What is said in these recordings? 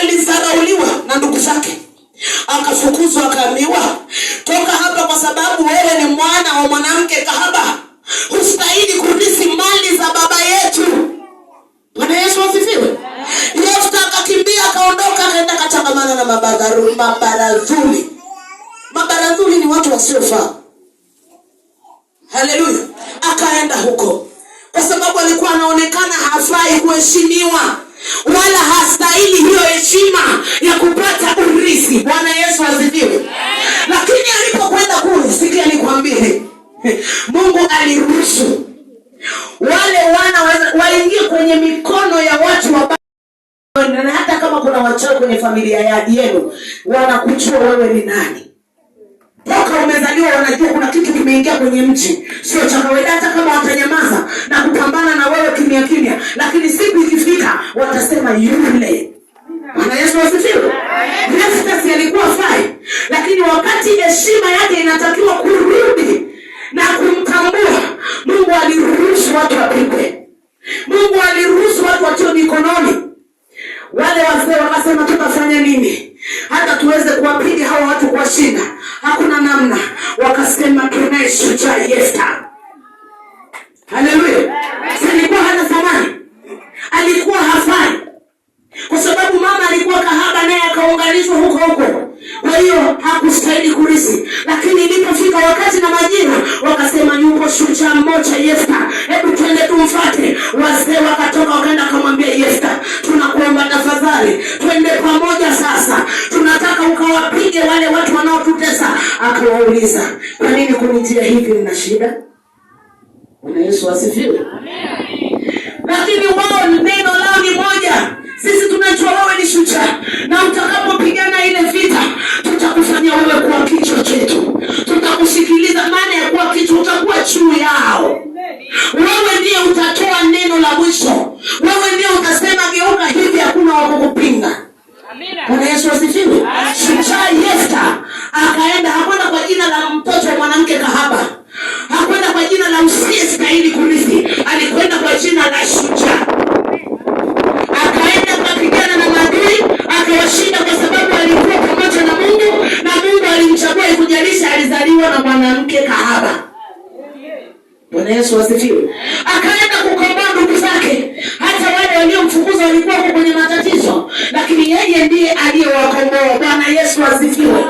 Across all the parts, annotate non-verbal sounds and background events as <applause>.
alidharauliwa na ndugu zake, akafukuzwa, akaambiwa, toka hapa, kwa sababu wewe ni mwana wa mwanamke kahaba, hustahili kurisi mali za baba yetu. Bwana Yesu asifiwe. Yefta akakimbia, akaondoka, akaenda katangamana na mabarazuli mabarazuli ni watu wasiofaa. Haleluya! Akaenda huko kwa sababu alikuwa anaonekana hafai kuheshimiwa wala hastahili hiyo heshima ya kupata urithi. Bwana Yesu azidiwe Lakini alipokwenda kule, sikia nikwambie, <laughs> Mungu aliruhusu wale wana waingie kwenye mikono ya watu wa na hata kama kuna wachawi kwenye familia ya yenu wanakuchua wewe ni nani toka umezaliwa wanajua kuna kitu kimeingia kwenye mchi, sio cha kawaida, hata kama watanyamaza na kupamba kimya kimya, lakini siku ikifika watasema yule. Bwana Yesu asifiwe. Festus alikuwa fai, lakini wakati heshima yake inatakiwa kurudi na kumtambua, Mungu aliruhusu watu cha Hebu twende tumfate. Wazee wakatoka wakaenda kumwambia Yefta, tunakuomba tafadhali twende pamoja sasa, tunataka ukawapige wale watu wanaotutesa. Akawauliza, kwa nini kunitia hivi? Mna shida? Bwana Yesu asifiwe. Lakini wao neno lao ni moja, sisi tunajua wewe ni shujaa, na utakapopigana ile vita tutakufanya wewe kuwa mtu utakuwa juu yao. Wewe ndiye utatoa neno la mwisho, wewe ndiye utasema geuka hivi, hakuna wakukupinga kukupinga. Bwana Yesu wasifiwe Shujaa yesta akaenda, hakwenda kwa jina la mtoto wa mwanamke kahaba, hakwenda kwa jina la usie stahili kurithi, alikwenda kwa jina la shujaa. Akaenda pigana na maadui, akawashinda kwa sababu alikuwa pamoja na Mungu na Mungu alimchagua. Ikujalisha alizaliwa na mwanamke kahaba. Bwana Yesu asifiwe. Akaenda kukomboa ndugu zake, hata wale waliomfukuza walikuwa wako kwenye matatizo, lakini yeye ndiye aliyewakomboa. Bwana Yesu asifiwe.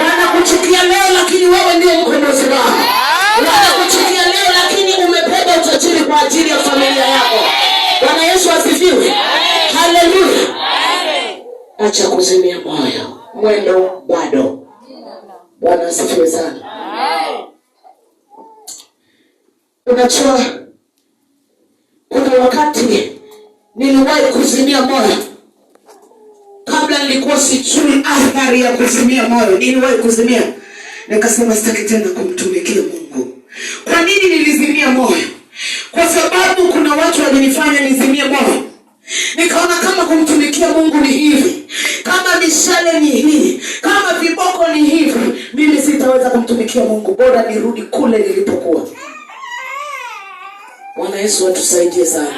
Wanakuchukia leo, lakini wewe ndiye mkombozi wao. Wanakuchukia leo, lakini umebeba utajiri kwa ajili ya familia yako. Bwana Yesu asifiwe. Haleluya. Acha kuzimia moyo, mwendo bado. Bwana asifiwe sana. Unajua, kuna wakati niliwahi kuzimia moyo, kabla nilikuwa sijui athari ya kuzimia moyo. Niliwahi kuzimia, nikasema sitaki tena kumtumikia Mungu. Kwa nini nilizimia moyo? Kwa sababu kuna watu walinifanya nizimie moyo, nikaona kama kumtumikia Mungu ni hivi, kama mishale ni hii, kama viboko ni hivi, mimi sitaweza kumtumikia Mungu, bora nirudi kule nilipokuwa. Bwana Yesu atusaidie sana.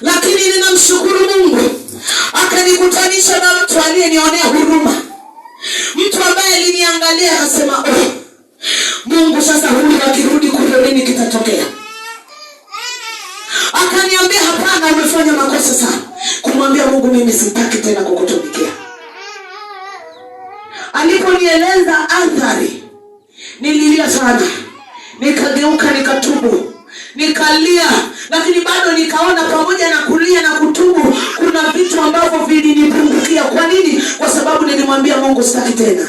Lakini ninamshukuru Mungu akanikutanisha na mtu aliyenionea huruma, mtu ambaye aliniangalia akasema, oh, Mungu sasa huyu akirudi kule nini kitatokea? Akaniambia hapana, umefanya makosa sana kumwambia Mungu mimi sitaki tena kukutumikia. Aliponieleza athari, nililia sana, nikageuka, nikatubu nikalia, lakini bado nikaona pamoja na kulia na kutubu, kuna vitu ambavyo vilinipungukia. Kwa nini? Kwa sababu nilimwambia Mungu sitaki tena.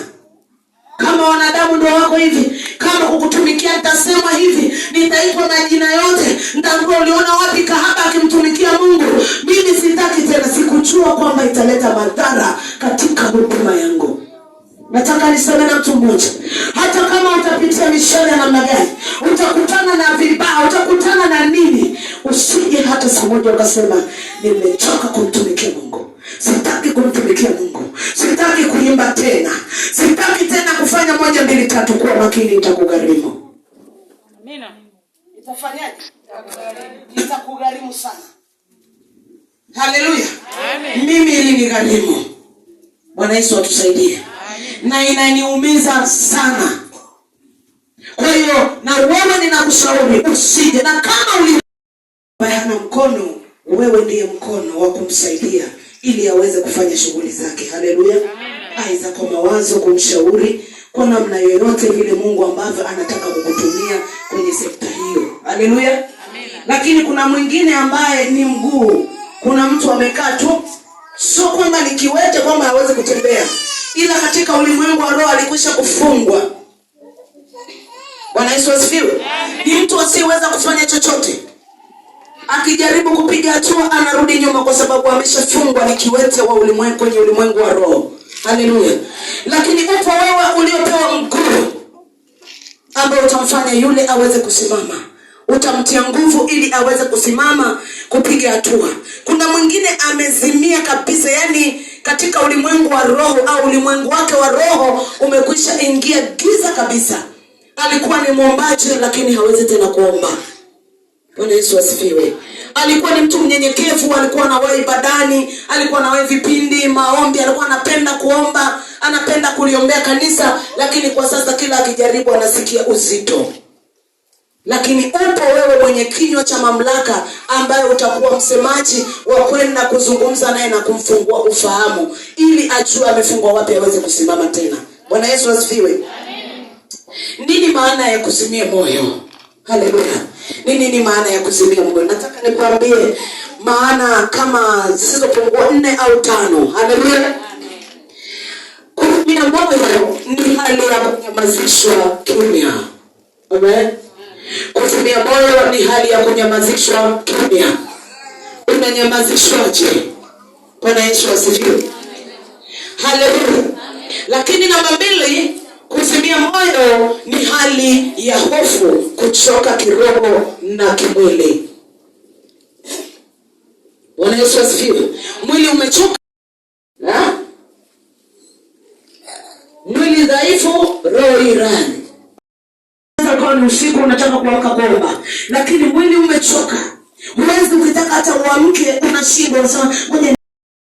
Kama wanadamu ndio wako hivi, kama kukutumikia nitasema hivi, nitaitwa majina yote, nitaambiwa uliona wapi kahaba akimtumikia Mungu. Mimi sitaki tena, sikujua kwamba italeta madhara katika huduma yangu. Nataka niseme na mtu mmoja, hata kama utapitia mishale ya namna gani utakutana na vibaa, utakutana na nini. Usije hata saa moja ukasema nimechoka kumtumikia Mungu, sitaki kumtumikia Mungu, sitaki kuimba tena, sitaki tena kufanya moja mbili tatu. Kuwa makini, itakugharimu. Amina. Itafanyaje? Itakugharimu sana. Haleluya, mimi ili ni gharimu. Bwana Yesu atusaidie, na inaniumiza sana kwa hiyo na wewe ninakushauri usije, na kama uli mkono, wewe ndiye mkono wa kumsaidia ili aweze kufanya shughuli zake. Haleluya! Aiza kwa mawazo, kumshauri kwa namna yoyote vile Mungu ambavyo anataka kukutumia kwenye sekta hiyo. Haleluya! Lakini kuna mwingine ambaye ni mguu. Kuna mtu amekaa tu, sio kwamba ni kiwete kwamba hawezi kutembea, ila katika ulimwengu wa roho alikwisha kufungwa Bwana Yesu asifiwe. Ni mtu asiyeweza kufanya chochote, akijaribu kupiga hatua anarudi nyuma, kwa sababu ameshafungwa ni kiwete wa ulimwengu, kwenye ulimwengu wa roho. Haleluya! Lakini upo wewe uliopewa mguu ambayo utamfanya yule aweze kusimama, utamtia nguvu ili aweze kusimama, kupiga hatua. Kuna mwingine amezimia kabisa, yani katika ulimwengu wa roho au ulimwengu wake wa roho umekwisha ingia giza kabisa. Alikuwa ni mwombaji lakini hawezi tena kuomba. Bwana Yesu asifiwe. Alikuwa ni mtu mnyenyekevu, alikuwa anawahi badani alikuwa anawahi vipindi maombi, alikuwa anapenda kuomba, anapenda kuliombea kanisa, lakini kwa sasa kila akijaribu anasikia uzito. Lakini upo wewe mwenye kinywa cha mamlaka ambaye utakuwa msemaji wa kwenda kuzungumza naye na kumfungua ufahamu ili ajue amefungwa wapi aweze kusimama tena. Bwana Yesu asifiwe. Amen maana ya kuzimia moyo? Haleluya! Ni nini maana ya kuzimia moyo? Nataka nikwambie maana kama zisizopungua nne au tano. Haleluya! Kuzimia moyo ni hali ya kunyamazishwa kimya. Kuzimia moyo ni hali ya kunyamazishwa kimya. Unanyamazishwaje? Bwana Yesu Haleluya. Lakini namba mbili ya moyo ni hali ya hofu, kuchoka kiroho na kimwili. Bwana Yesu asifiwe. Mwili umechoka ha? Mwili dhaifu, roho irani. Kama ni usiku unataka kuamka kuomba, lakini mwili umechoka, huwezi ukitaka hata uamke, unashindwa unasema